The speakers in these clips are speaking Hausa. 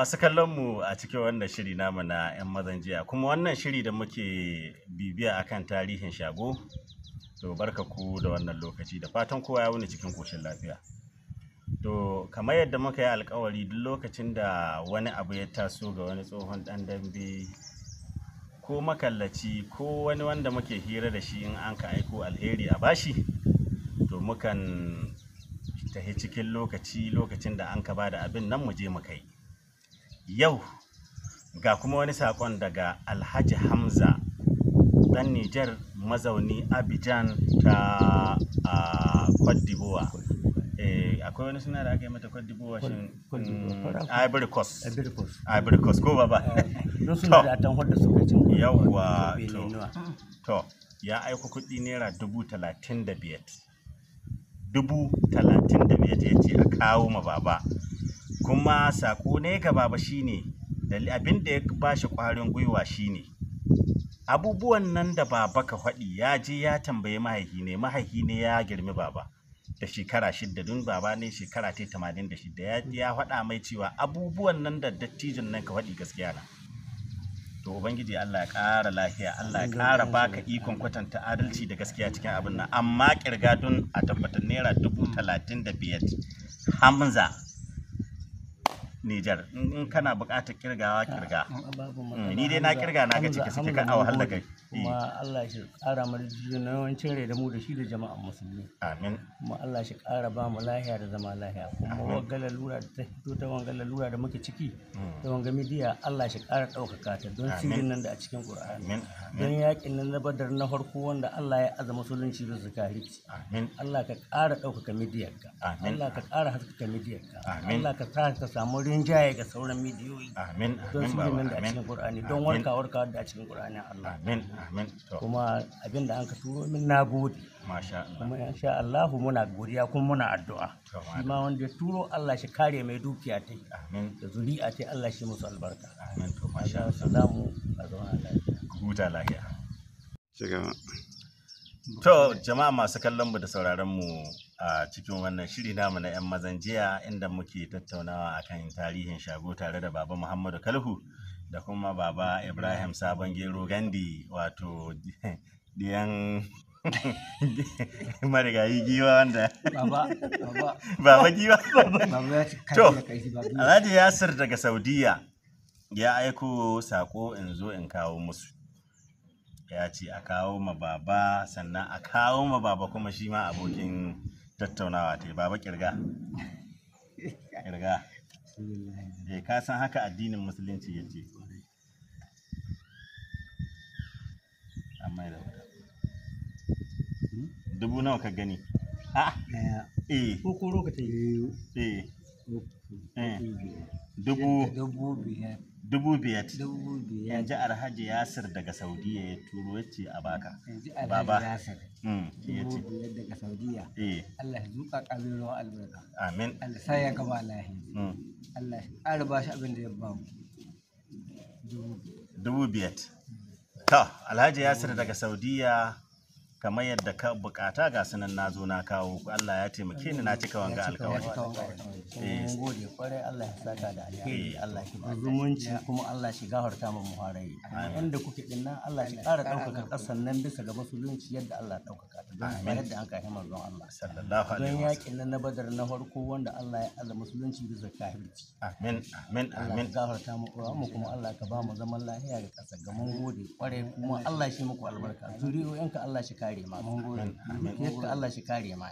masu kallon mu a cikin wannan shiri namu na 'yan mazan jiya kuma wannan shiri da muke bibiya akan tarihin shago to barka ku da wannan lokaci da fatan kowa ya wuni cikin koshin lafiya to kamar yadda muka yi alkawari duk lokacin da wani abu ya taso ga wani tsohon dan dambe ko makallaci ko wani wanda muke hira da shi in an ka aiko alheri a bashi to mukan tahi cikin lokaci lokacin da an ka ba da abin nan mu je mu kai yau ga kuma wani saƙon daga alhaji hamza ɗan nijar mazauni abidjan ta a d'Ivoire. Eh, akwai wani suna da aka yi mata kwadibowa shi mm, Ivory Coast. ko baba. Eh, don suna da to ya aiko kuɗi naira dubu talatin da biyar. Dubu talatin da biyar ya ce a kawo ma baba. kuma sako ne ga baba da abin da ya ba shi ƙwarin gwiwa shi ne. abubuwan nan da baba ka faɗi ya je ya tambayi mahaihi ne mahaihi ne ya girmi baba da shekara shidda baba ne shekara ta tamanin da shidda ya faɗa mai cewa abubuwan nan da dattijin nan ka faɗi gaskiya na to ubangiji Allah ya ƙara lafiya Allah ya ƙara baka ikon kwatanta adalci da gaskiya cikin abin nan amma kirga a tabbatar naira dubu talatin da biyar hamza Nijar in kana bukatar kirgawa kirga mm, ni dai na kirga na gaci ka suke kan awa kai. kuma Allah shi kara mu mana wancin rai da mu da shi da jama'an musulmi amin kuma Allah shi kara ba mu lahiya da zama lahiya kuma wanga lalura da ta fito ta wanga lalura da muke ciki ta mm. wanga midiya Allah shi kara ɗaukaka ta don sirrin nan da a cikin Qur'ani Amin. don yakin nan na Badar na farko wanda Allah ya azama musulunci da zakari amin Allah ka ƙara ɗaukaka Amin. Allah ka ƙara haskaka Amin. Allah ka sa ka samu rinjaye ga sauran midiyoyi amin don su nan da cikin qur'ani don warka warka da a cikin qur'ani Allah amin amin kuma abin da an ka turo min na gode masha Allah kuma insha Allah muna godiya kuma muna addu'a shi ma wanda ya turo Allah shi kare mai dukiya ta amin da zuri'a ta Allah shi musu albarka amin to masha Allah salamu a zauna lafiya huta lafiya To jama'a masu kallon mu da sauraron mu a cikin wannan shiri namu na 'yan mazan jiya inda muke tattaunawa akan tarihin shago tare da baba Muhammadu Kalhu da kuma baba Ibrahim Sabon Gero Gandi wato diyan marigayi giwa wanda baba giwa to Alhaji Yasir daga Saudiya ya aiko sako in zo in kawo musu ya ce a kawo ma baba sannan a kawo ma baba kuma shi ma abokin tattaunawa ta baba kirga kirga eh ka san haka addinin musulunci ya ce amma da dubu nawa ka gani a eh ko ko lokacin eh, eh. dubu dubu biyar dubu biyar yanzu alhaji yasir daga saudiya ya turo ya ce a baka baba mm, dubu biyar daga saudiya eh. allah ya zuka kabirin albarka amin allah sai ya gaba lahi mm. allah ya ƙara ba shi abin da ya ba mu dubu biyar to alhaji yasir daga saudiya kamar yadda ka bukata ga sunan na zo na kawo Allah ya taimake ni na cika wanga alkawari mun gode kwarai Allah ya saka da alheri eh, Allah ya ba zumunci kuma Allah shi gafarta mu muharai inda kuke din nan Allah shi ƙara ɗaukaka ƙasar nan bisa ga musulunci yadda Allah ya ɗaukaka ta don yadda an kai don Allah sallallahu alaihi wasallam don yakin nan na Badar na farko wanda Allah ya azza musulunci bisa kafirci amin amin amin gafarta mu mu kuma Allah ka ba mu zaman lafiya ga ƙasar ga mun gode kwarai kuma Allah shi muku albarka zuriyoyinka Allah shi ka kare ma yadda Allah shi kare ma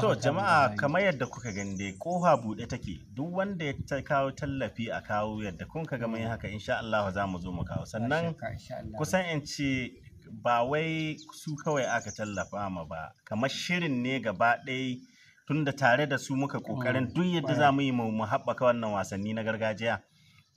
to jama'a kamar yadda kuka gani dai koha buɗe take duk wanda ya ta kawo tallafi a kawo yadda kun ka gama yin haka mm. insha Allah za mu zo mu kawo sannan kusan in ce ba wai su kawai aka tallafa ma ba kamar shirin ne gaba ɗaya tunda tare da su muka kokarin mm, duk yadda za mu yi mu haɓaka wannan wasanni na gargajiya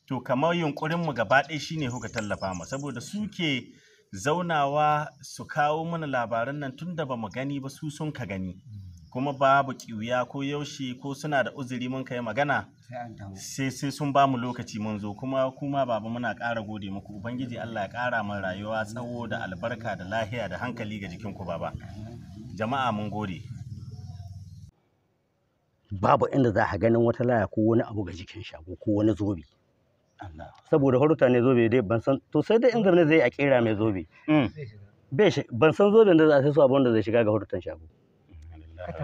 to kamar yunkurin mu gaba ɗaya shine kuka tallafa ma saboda suke mm. ke zaunawa su kawo mana labaran nan tun da ba mu gani ba su sun ka gani mm. kuma babu kiwiya ko yaushe ko suna da uzuri mun kai magana sai sai sun ba mu lokaci mun zo kuma kuma baba muna ƙara gode muku ubangiji Allah ya ƙara min rayuwa tsawo da albarka da lahiya da hankali ga jikinku baba jama'a mun gode babu inda za a ganin wata laya ko wani abu ga jikin shago ko wani zobe saboda horuta ne zobe dai ban san to sai dai internet zai a kera mai zobe mm. ban san zobe da za a sai su abin da zai shiga ga horutan shago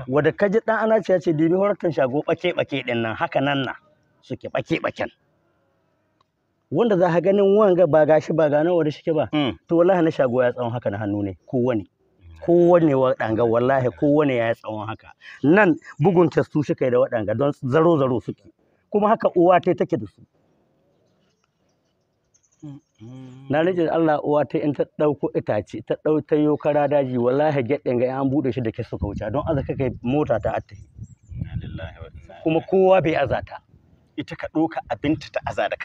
wadda kaji dan ana ce ce dibi horutan shago bake bake din nan haka nan na suke bake baken wanda za ka ganin wanga ba gashi ba gano wanda shike ba mm. to wallahi na shago ya tsawon haka na hannu ne ko wani mm. Ko kowane waɗanga wallahi wani ya yi tsawon haka nan bugun testu shi kai da waɗanga don zaro-zaro suke kuma haka uwa ta take da su na rijin Allah uwa ta in ta ɗauko itace ta ɗau ta kara daji wallahi gaɗin ga an buɗe shi da ke suka wuce don azaka kai mota ta atta kuma kowa bai azata ita ka ɗoka abinta ta aza da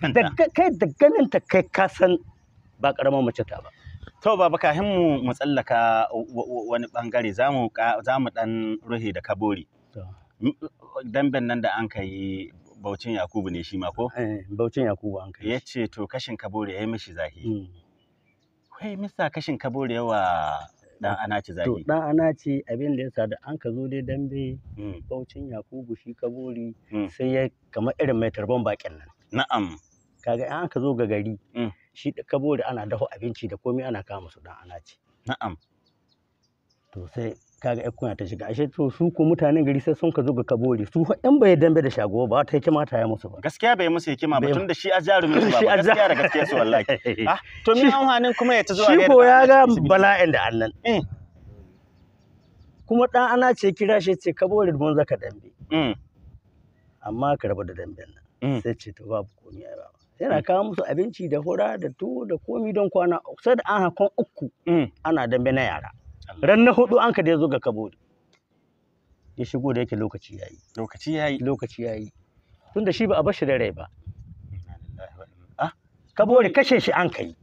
kai da ganin kai ka san ba ƙaramar mace ta ba to baba kafin mu mu tsallaka wani bangare za mu ɗan ruhi da kabori Dambe nan da an kai Baucin Yakubu ne shi ma ko? Eh, Baucin Yakubu an kai. Ya ce to kashin kabore ya yi mishi zahi. Kai mm. mista kashin kabore yawa dan anaci zahi. To dan anaci abin da ya sa da an ka zo dai dambe mm. Baucin Yakubu shi kabori mm. sai ya kamar irin mai tarban bakin nan. Na'am. Kaga an ka zo ga gari shi kabori ana dafa abinci da komai ana kama su dan anaci. Na'am. To sai kaga ai kuna ta shiga ashe to su ko mutanen gari sai sun ka zo ga kabori su in bai dambe da shago ba ta hikima ta yi musu ba gaskiya bai musu hikima ba tunda shi ajarumin su ba gaskiya da gaskiya su wallahi ah, to to min hanin kuma ya ta zuwa shi ko ya ga bala'in da annan eh. kuma dan ana ce kira shi ce kabori mun zaka dambe mm. amma ka rabu da damben nan mm. sai ce to babu komai ba yana mm. kawo musu abinci da hura da tuwo da komi don kwana sai da an hakon uku ana dambe na yara ran na hudu an ka dai zo ga kabo ya shigo da yake lokaci yayi lokaci yayi lokaci yayi tunda shi ba a bashi da rai ba ah, kabori kashe shi an kai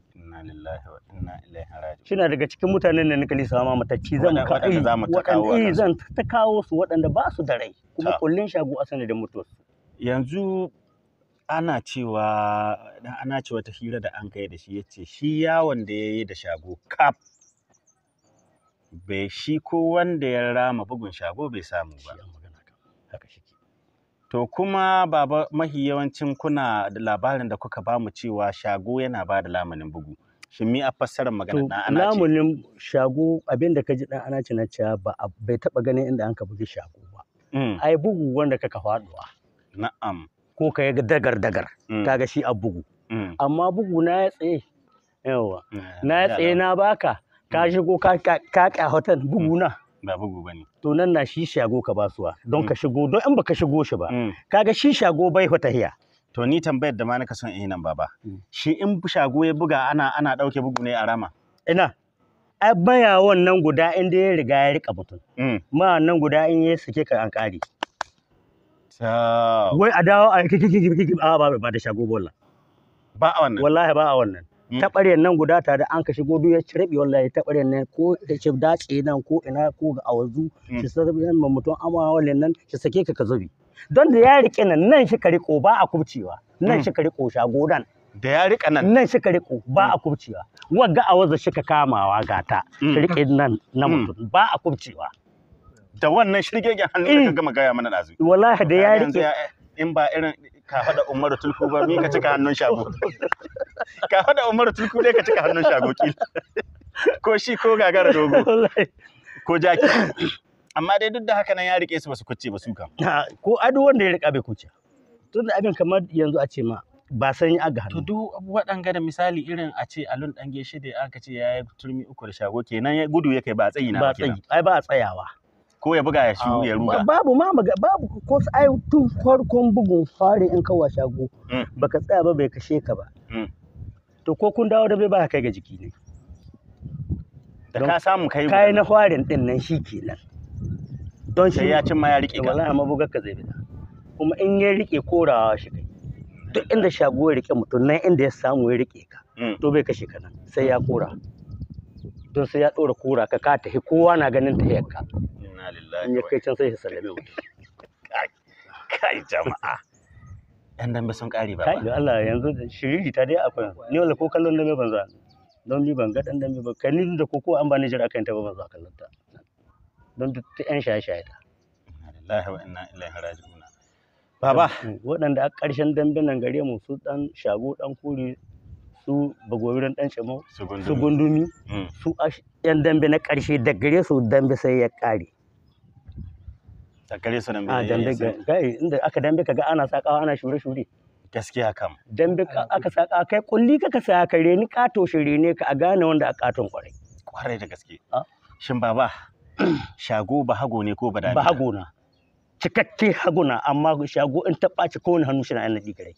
Shina daga cikin mutanen da nika lisa ma matacci zan waɗanda eh zan ta kawo su waɗanda ba su da rai kuma kullun shago a sanadin mutuwarsu. Yanzu ana cewa ana cewa ta hira da an kai da shi yace shi yawon da ya yi da shago kaf bai shi ko wanda ya rama bugun shago bai samu ba to kuma baba mahi yawancin kuna da labarin da kuka bamu cewa shago yana ba da lamunin bugu shin mi a fassarar magana dan ana ce lamunin shago abinda ka ji dan ana ce na cewa ba bai taba ganin inda an ka bugi shago ba mm. ai bugu wanda kaka faduwa na'am ko ka ga dagar dagar mm. kaga shi a bugu mm. amma bugu na ya tsaye yawa eh, na ya tsaye na baka ka mm. shigo ka ka hotel mm. buguna ba bugu bane to nan na shi shago ka basuwa don mm. ka shigo don in baka shigo shi ba kaga shi shago bai fata hiya to ni tambayar da ma naka son ina baba shi in shago ya buga ana ana dauke bugu ne a rama ina ai baya wannan guda da ya riga ya rika mutum ma nan guda in ya sake ka an kare wai a dawo a kiki kiki ba ba da shago bolla ba a wannan wallahi ba a wannan Hmm. taɓaryan nan guda ta da an ka shigo duk ya cirbe wallahi taɓaryan nan ko da shi dace nan ko ina ko ga awazu hmm. shi sarbi nan mutum amma wallahi nan shi sake ka ka zubi don da ya rike nan nan shi ka riko ba a kubcewa nan hmm. shi ka riko shago nan da ya rika nan nan shi ka riko ba a kubcewa wagga awazu shi ka kamawa gata rike nan na mutum ba a kubcewa da wannan shirgegen hannu da ka eh. gama gaya mana dazu wallahi da ya rike in ba irin ka faɗa umaru tulku ba mi ka cika hannun shago ka hada Umar Tulku dai ka cika hannun shago ko shi ko gagara dogo ko jaki amma dai duk da haka nan ya rike su basu kucce ba su kam ko ado wanda ya rika bai kuce tunda abin kamar yanzu a ce ma ba san ya ga hannu. To duk waɗanga da misali irin a ce alun dan geshe da aka ce ya yi turmi uku da shago kenan ya gudu ya kai ba tsayi na ba tsayi ai ba tsayawa. Ko ya buga ya shu ya ruga. Babu ma maga babu ko ai tun farkon bugun fare in kawa shago mm. baka tsaya ba bai kashe ka ba. to ko kun dawo da bai ba kai ga jiki ne da ka samu kai kai na farin din nan shi kenan don shi ya cin ma ya rike wallahi amma bugar ka zai bida kuma in ya rike korawa shi kai duk inda shago ya rike mutum nan inda ya samu ya rike ka mm. to bai kashe ka nan sai ya kora don sai ya dora kora ka ka tafi kowa na ganin ta yakka inna lillahi in ya kai can sai ya sallame mutum kai jama'a 'yan dambe sun ƙare ba. Kai Allah yanzu shiriri ta dai akwai ni wala ko kallon dambe ban za don ni ban ga ɗan dambe ba kai ni da koko an ba ni jira akan ta ba ban za kallon ta don duk ta 'yan shaye-shaye ta. Lillahi wa inna ilaihi raji'un. Baba mm, waɗanda a ƙarshen dambe nan gare mu su ɗan shago ɗan kuri su bagobiran ɗan cemo su gundumi su 'yan mm. dambe na ƙarshe da gare su dambe sai ya ƙare. takare su nan a dambe gai inda aka dambe kaga ana sakawa ana shure shure gaskiya kam dambe aka saka kai kulli kaka saya ka reni kato shi rene ka a gane wanda a katon kwarai kwarai da gaske shin baba shago ba hago ne ko ba dami ba hago na cikakke haguna amma shago in ta ɓaci kowane hannu shi na yan naɗi gare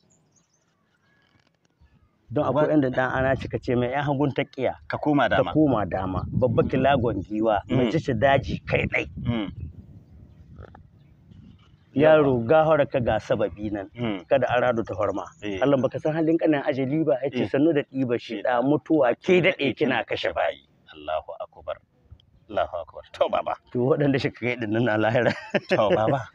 don akwai inda dan ana cika ce mai yan hagun ta kiya ka koma dama ka koma dama babba kilagon giwa mm. mace shi daji kai dai mm. yaro gahara ka ga sababi nan hmm. kada an radu ta horma eh. Allah baka san halin kanan ajali ba ce hmm. sannu da diba shi eh. da mutuwa ke dade kina kashe bayi Allahu akbar Allahu akbar to baba to waɗanda shi kai din nan lahira to baba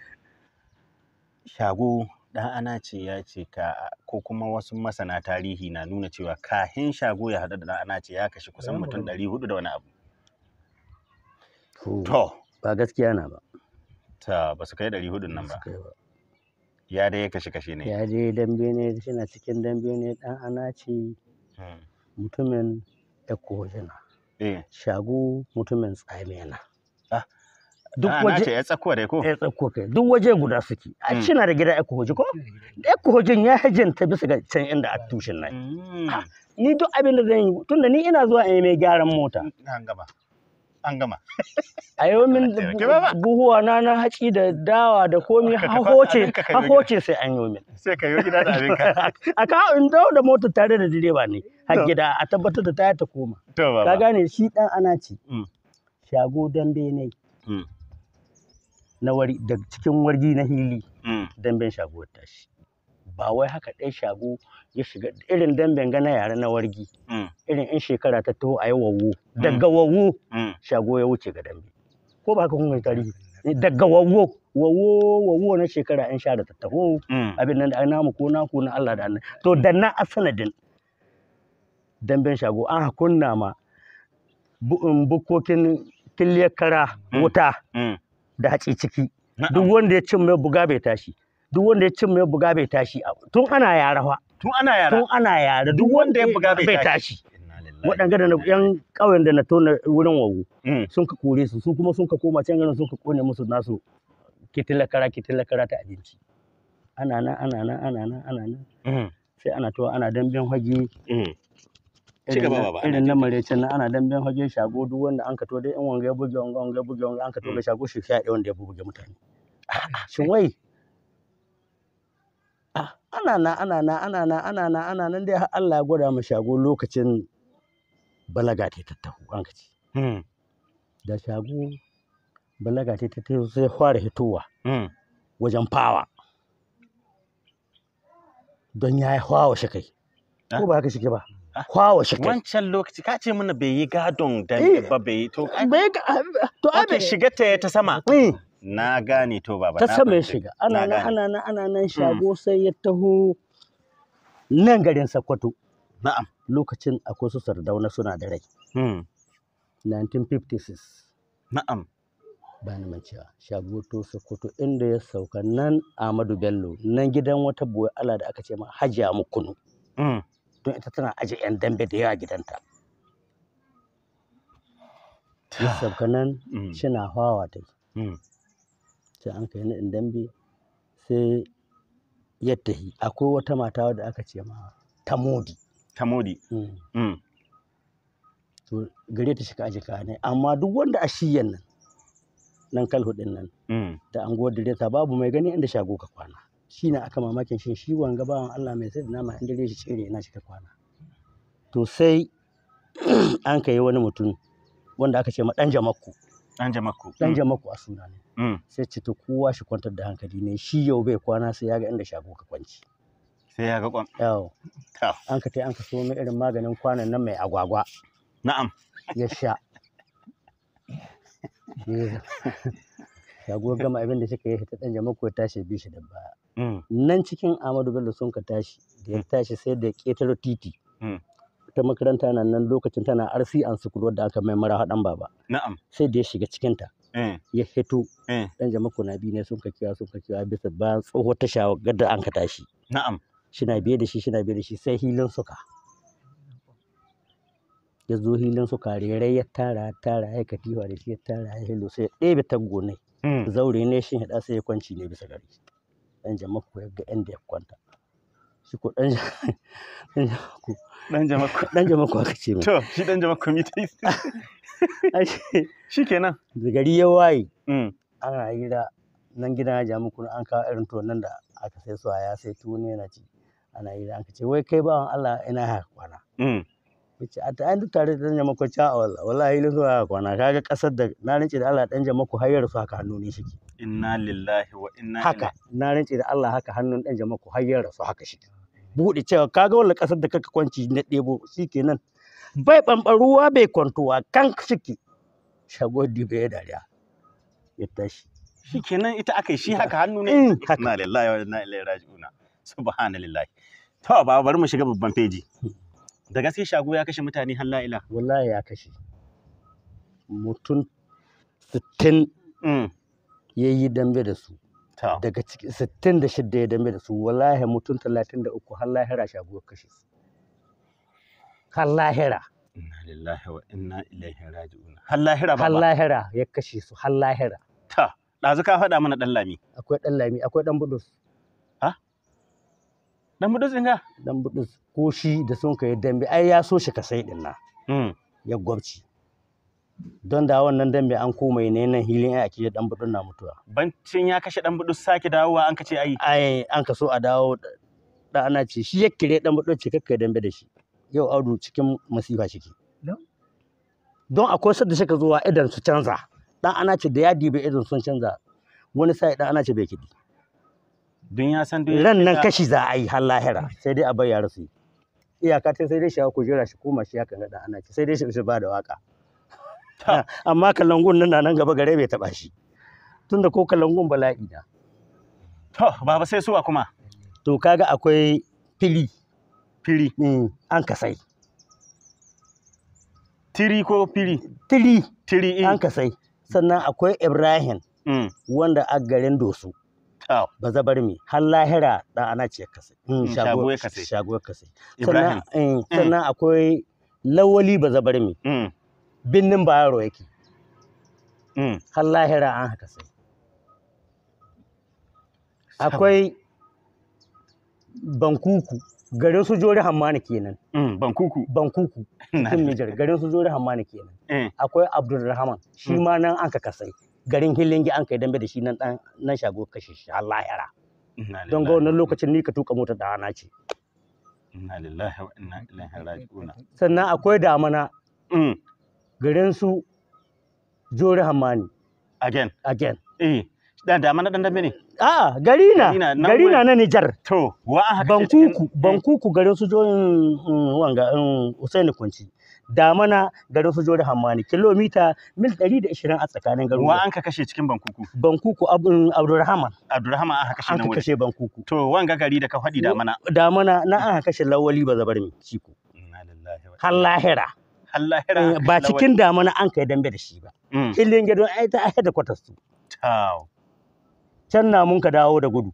shago dan ana ce ya ce ka ko kuma wasu masana tarihi na nuna cewa kahin shago ya hada da dan ana ce ya kashe kusan mutum 400 da wani abu to ba gaskiya na ba ta ba su kai ɗari hudun nan ba ya dai kashe kashe ne ya je dambe ne shina cikin dambe ne dan anaci hmm. mutumin ekojina eh. shagu mutumin tsamena ah, duk waje ya tsakuwa dai ko ya tsakuwa kai duk waje guda suke a cina hmm. da gida hoji ko ekohojin ya hajinta bisa ga can inda a tushen nan hmm. ah, ni duk abin da zan yi tunda ni ina zuwa in yi mai gyaran mota an gama a yau min buhuwa na na haci da dawa da komi hahoce hahoce sai an yi min sai ka yi gida da abinka a ka in dawo da mota tare da direba ne har gida a tabbatar da taya ta koma ka gane shi dan ana ce mm. shago dambe ne mm. na wari da cikin wargi na hili mm. damben shago tashi ba wai haka ɗaya shago ya shiga irin damben gana yare na wargi mm. irin in shekara ta taho a yi wawo mm. daga wawo mm. shago ya wuce ga dambe ko ba haka kuma mai tarihi eh, daga wawo wawo wawo na shekara in sha da ta taho abin nan da an namu ko naku na Allah da Allah to da na asanadin damben shago an kunna ma um, bukokin kiliyar kara wuta da haci ciki duk wanda ya cin mai buga bai tashi duk wanda ya cin mai buga bai tashi tun ana yara fa tun ana yara tun ana yara duk wanda ya buga bai tashi waɗanga da yan ƙauyen da na tona wurin wawo mm. sun ka kore su su kuma sun ka koma can ganin sun ka kone musu nasu kitilakara kitilakara ta abinci ana nan ana nan ana nan ana nan mm. sai ana to ana damben hage mm. irin na marecin nan ana damben hage shago duk wanda an to dai yan wanga ya buge wanga wanga ya buge wanga an to ga shago shi sha wanda ya buge mutane shin wai ana na, ana na, ana na, ana na, ana nan dai har Allah ya gwada mu shago lokacin balaga ta tattaho an ka ce. Da shago balaga ta tattaho sai fara hitowa wajen fawa. Don ya yi hawa shi kai. Ko ba haka shi ba? Hawa shi kai. Wancan lokaci ka ce mana bai yi gadon da ba bai yi to. Bai to abe. Shiga ta ta sama. na gane to baba ta sama ya shiga ana nan ana nan ana mm. nan shago sai ya taho nan garin Sokoto na'am lokacin akwai su Sardauna suna da rai 1956 mm. na'am ba ni mancewa shago to Sokoto inda ya sauka nan Ahmadu Bello nan gidan wata boye Allah da aka ce ma Hajiya Mukunu mm. don ita tana aje 'yan dambe da yawa gidanta ya sauka nan shina hawa ta yi sai an kai naɗin dambe sai ya tahi akwai wata mata da aka ce ma tamodi tamodi mm. mm. to gare ta shiga aji ne amma duk wanda a shiyan nan nan kalhu din nan mm. da anguwar direta babu mai gani inda shago ka kwana shi na aka mamakin shi shi wanga bawan Allah mai sai da nama inda dai shi ne na shi ka kwana to sai an kai wani mutum wanda aka ce ma dan jamakku dan mm. jamaku a suna ne mm. sai ce to kowa shi kwantar da hankali ne shi yau bai kwana sai ya ga inda shago ka kwanci sai ya ga kwan yau an ka tai an ka so mai irin maganin kwanan nan mai agwagwa na'am ya sha shago gama abin da suka yi ta dan jamaku ya tashi bi shi da baya mm. nan cikin Amadu Bello sun ka tashi da ya tashi sai da ya ketaro titi ta makaranta na nan lokacin tana arsi an sukuru da aka mai mara haɗan baba. Na'am. Sai da ya shiga cikin ta. Eh. Ya hito. Dan eh. jama'a na biyu ne sun ka kiwa sun ka kiwa bisa bayan tsohuwar tasha gadda an ka tashi. Na'am. Shina biye da shi shina biye da shi sai hilin suka. Ya zo hilin suka rere ya tara tara ya katiwa da shi ya tara ya hilo sai ya ɗebe taggo ne. Hmm. Zaure ne shi ya sai ya kwanci ne bisa gari. Dan jama'a ya ga inda ya kwanta. shi ko dan jamaku dan jamaku dan jamaku aka ce mai to shi dan jamaku mi ta shi kenan da gari ya waye mm. ana gida nan gidan ya jamu an kawo irin tuwon nan da aka sai su a ya sai tuwo ne na ci ana gida an ce wai kai bawan Allah ina ha kwana mm. yace a ta an tare da dan jamaku cha wallahi wallahi ni zuwa kwana kaga kasar da na rinci da Allah dan jamaku har su haka hannu ne shi inna lillahi wa inna haka na rinci da Allah haka hannun dan jamaku har su haka shi buɗe cewa kaga wannan ƙasar da kaka kwanci na ɗebo shi kenan bai ruwa bai kwantowa kan ciki. shago dibe ya dariya ya tashi shi kenan ita aka yi shi haka hannu ne eh, na lillahi wa inna ilaihi raji'una subhanallahi to ba bari mu shiga babban feji da gaske shago ya kashe mutane har la'ila wallahi ya kashe mutum sittin mm. ya yi dambe da su daga cikin 66 ya dame da su wallahi mutum 33 har lahira shaguwar kashe su har lahira inna lillahi wa inna ilaihi raji'un har lahira baba har lahira ya kashe su har lahira ta dazu ka faɗa mana dan lami akwai dan lami akwai dan budus ha dan budus inga dan budus ko shi da sun kai dambe ai ya so shi sai din na hmm. ya gwabci don da wannan dambe an komai ne nan hilin ai ake dan budun na mutuwa bancin ya kashe dan budun sake dawowa an kace ai ai an kaso a dawo da ana ce shi ya kire dan budun ce kakkai dambe da shi yau audu cikin masifa shike don akwai sadda shi ka zuwa idan su canza dan ana ce da ya dibe idan sun canza wani sai dan ana ce bai kidi don ya san dai ran nan kashi za a yi har lahira sai dai a bayyana su iyaka ta sai dai shi ku jira shi koma shi ya kan ga dan ana ce sai dai shi ba da waka amma kalangun nan nan gaba gare bai taba shi tunda ko kalangun bala'i na to baba sai suwa kuma to kaga akwai fili fili mm, an kasai tiri ko fili tiri tiri eh. an kasai sannan akwai ibrahim mm. wanda a garin dosu oh. ba zabar mi har lahira dan ana ce mm, kasai shago kasai eh, sannan akwai lawali ba zabar mi binnin yaro yake mm. har lahira an haka sai akwai bankuku garin su jori hammani kenan mm, bankuku bankuku cikin mijar garin su jori hammani kenan mm. akwai abdulrahman shi ma nan an ka sai garin hillingi an kai dambe da shi nan dan nan shago kashe shi har lahira don ga wannan lokacin ni ka tuka motar da ana ce sannan akwai damana Garinsu Jori Hamani. Again. Again. Eh. Dan dama na dan ne. A'a, gari na. Gari na na Nijar. To, wa an Bankuku, eh. Bankuku garin su Jori mm, wanga mm, Usaini Kunci. Damana garin su Jori Hamani kilomita mil 120 a tsakanin garin. Wa an ka kashe cikin Bankuku? Bankuku Abdulrahman. abdurrahman an ka kashe nan wuri. kashe Bankuku. To, wanga gari da ka faɗi damana. Damana na an kashe Lawali Bazabarmi Ciko. Har lahira. Eh, ba cikin damana an kai dambe da shi ba hillin mm. gado ai ta ai da kwatar su can na mun ka dawo da gudu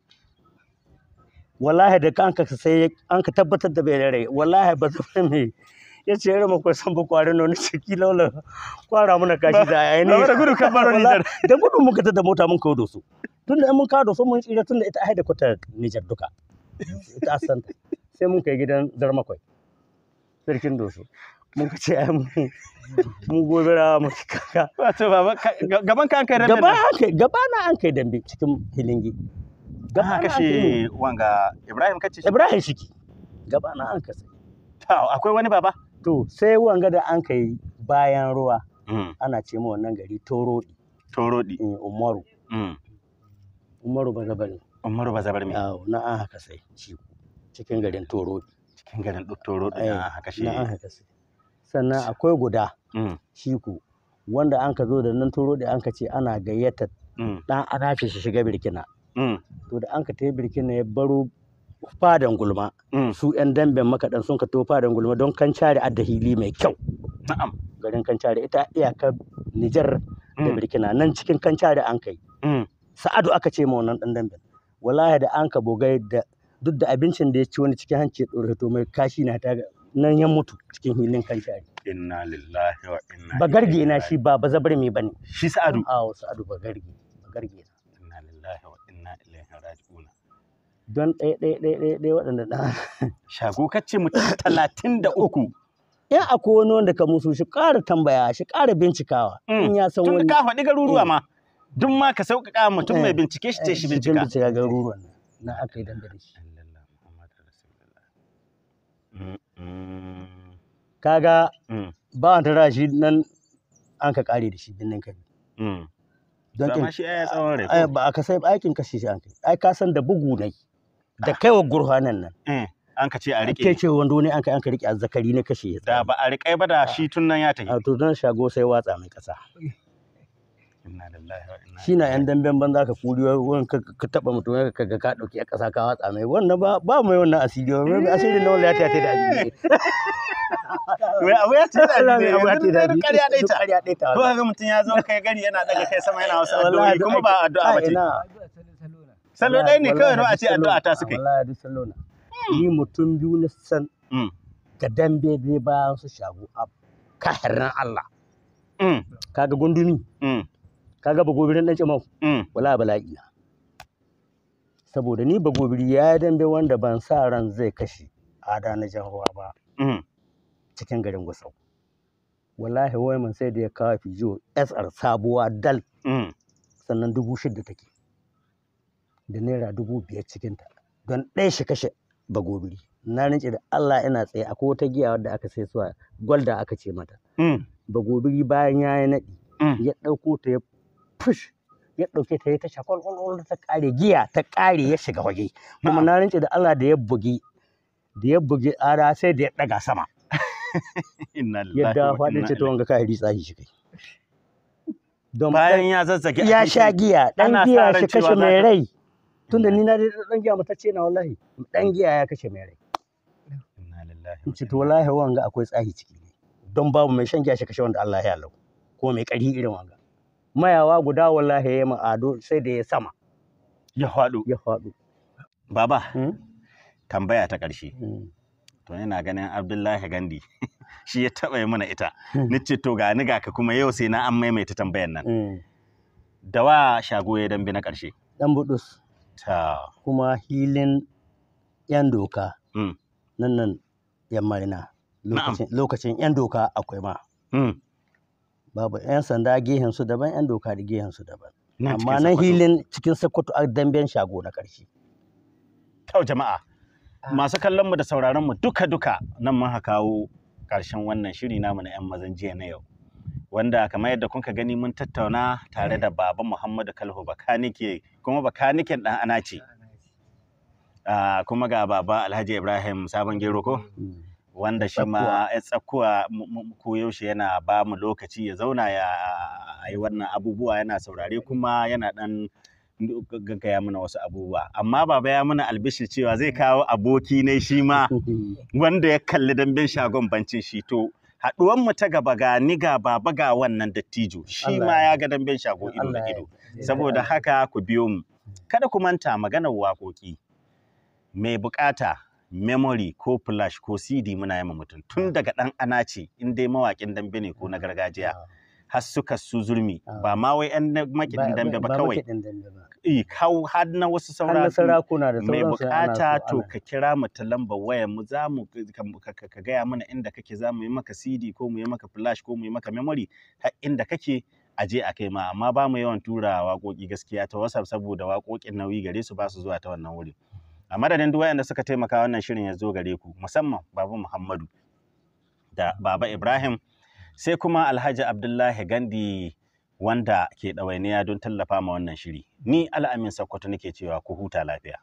wallahi da kanka sai an ka tabbatar da bai rare. wallahi ba zai mai ya ce yare mako san ba kwarin wani ciki laula kwara muna kashi da ayayi ne da gudu kan baro Nijar da gudu mun ta tada mota mun kawo dosu. su da mun kawo dosu mun tsira da ita da kwatar Nijar duka ita asanta sai mun kai gidan darmakwai sarkin dosu mun ka ce ai mu gobe rawa mu kaka wato baba gaban ka an kai dambe gaba kai gaba na an kai dambe cikin hilingi gaba ka kashe wanga Ibrahim kace shi Ibrahim shiki gaba na an kasa to akwai wani baba to sai wanga da an kai bayan ruwa mm. ana ce mu wannan gari Torodi Torodi eh, Umaru mm. Umaru Bazabarmi Umaru Bazabarmi na an haka sai shi cikin garin Torodi cikin garin Torodi eh, na an haka shi na an haka sai sannan akwai guda mm. shi wanda an ka zo da nan turo da an ka ce ana gayyata dan mm. ana shi shiga birkina mm. to da an ka ta birkina ya baro fadan gulma su yan damben makaɗan sun ka to fadan gulma don kan cari adda mai kyau garin kan cari ita iyakar nijar da birkina nan cikin kan cari an kai sa'adu aka ce ma wannan dan damben wallahi da an ka bogai da duk da abincin da ya ci wani cikin hanci ya ɗora mai kashi na ta nan ya mutu cikin hilin kan shari inna lillahi wa inna bagarge na shi ba bazabar me bane shi sa'adu awo ah, sa'adu bagarge bagarge inna lillahi wa inna ilaihi raji'un don ɗaya ɗaya ɗaya ɗaya ɗaya waɗanda ɗan shago kacce mutum talatin da uku in akwai wani wanda ka musu shi ƙara tambaya shi ƙara bincikawa mm. in ya san wani tun ka faɗi garuruwa eh. ma duk ma ka sauƙaƙa mutum mai eh. bincike shi eh, ce shi bincika bincika garuruwan na aka yi dangane shi kaga mm. Mm. ba ta shi nan an ka kare da shi binnin kabi mm. don ka shi ya tsawon rai ba aka sai aikin ka sai an kai ai ka san da bugu ne da ah. kaiwa gurhanan nan eh, an ka ce a rike ke ce wando ne an kai an ka rike zakari ne kashe da ba a rike ba da ah. shi tun nan ya tafi to dan shago sai watsa mai kasa shi na yan damben banza ka kuri wurin ka taba mutum ka ga ka dauki yan kasa ka watsa mai wannan ba ba mai wannan asiri wai asirin na wallahi ya ta da abin wai abu ya ce da abin abu ya ce da abin kariya dai ta kariya dai ta ko ga mutum ya zo kai gari yana daga kai sama yana wasu addu'o'i kuma ba addu'a ba ce salo ɗaya ne kawai a ce addu'a ta suka yi wallahi duk salo na ni mutum biyu na san ga mm. dambe bai bayan su shago a kahirin Allah mm. kaga gundumi mm. kaga bagobirin dan cimau mm. wala bala'i saboda ni bagobiri ya dambe wanda ban sa ran zai kashe ada na ruwa ba mm. cikin garin gusau wallahi wai man sai da ya kawo fijo sr sabuwa dal mm. sannan dubu shida take da naira dubu biyar cikin ta. don ɗaya shi kashe bagobiri na rinci da Allah ina tsaye akwai wata giya wadda aka sai suwa gwalda aka ce mata bagobiri bayan ya yi naɗi ya ɗauko ta ya fush ya ɗauke ta ya ta shakwal ta ƙare giya ta ƙare ya shiga waje kuma na rinci da Allah da ya bugi da ya bugi ara sai da ya ɗaga sama yadda faɗin ce ta wanga ka hari tsahi shi kai bayan ya zazzage ya sha giya ɗan giya shi kashe mai rai Tun da ni na ɗan giya ce na wallahi ɗan giya ya kashe mai rai in ce to wallahi wanga akwai tsahi ciki don babu mai shan giya shi kashe wanda Allah ya lau ko mai ƙari irin wanga mayawa guda wallahi ya ado sai da ya sama ya faɗo ya faɗo baba hmm? tambaya ta ƙarshe hmm. to ina ganin abdullahi gandi shi ya taɓa yi mana ita hmm. ni ce to ga ni ga ka kuma yau sai na an maimaita tambayan nan da wa shago ya dambe na ƙarshe dan budus ta kuma hilin yan doka nan nan yan marina lokacin yan doka akwai ma babu 'yan sanda gehen su daban 'yan doka da gehen su daban amma nan hilin cikin sokoto a damben shago na ƙarshe kawo jama'a ah. masu kallon mu da sauraron mu duka duka nan mun kawo ƙarshen wannan shiri namu na 'yan mazan jiya na yau wanda kamar yadda kun gani mun tattauna tare da baba Muhammadu Kalho Bakanike kuma Bakaniken dan ana ce kuma ga baba Alhaji Ibrahim Sabon Gero ko mm. wanda shi ma ya eh, tsakuwa koyaushe yana ba mu lokaci ya zauna ya yi wannan abubuwa yana saurare kuma yana ɗan gaggaya mana wasu abubuwa amma baba ya mana albishi cewa zai kawo aboki ne shi ma wanda ya kalli dambin shagon bancin shi to haɗuwan mu ta gaba ga ni ga baba ga wannan dattijo shi ma ya ga dambin shago ido da ido saboda haka ku biyo mu hmm. kada ku manta maganar waƙoƙi mai bukata memory ko flash ko cd muna yi mutum tun daga ɗan ana ce in dai mawakin dambe ne ko na mm. gargajiya ah. har suka su zurmi ah. ba ma wai yan makidin dambe ba kawai kau eh, har na wasu sauraku mai bukata to ka kira mu ta lamba waya mu za mu ka gaya mana inda kake za mu yi maka cd ko mu yi maka flash ko mu yi maka memory har inda kake aje a kai ma amma ba mu yawan tura waƙoƙi gaskiya ta whatsapp saboda waƙoƙin nauyi gare su ba su zuwa ta wannan wuri a madadin duk wayanda suka taimaka wannan shirin ya zo gare ku musamman baba Muhammadu da baba Ibrahim sai kuma Alhaji Abdullahi Gandi wanda ke ɗawainiya don tallafa ma wannan shiri ni al'amin sakkwato nake cewa ku huta lafiya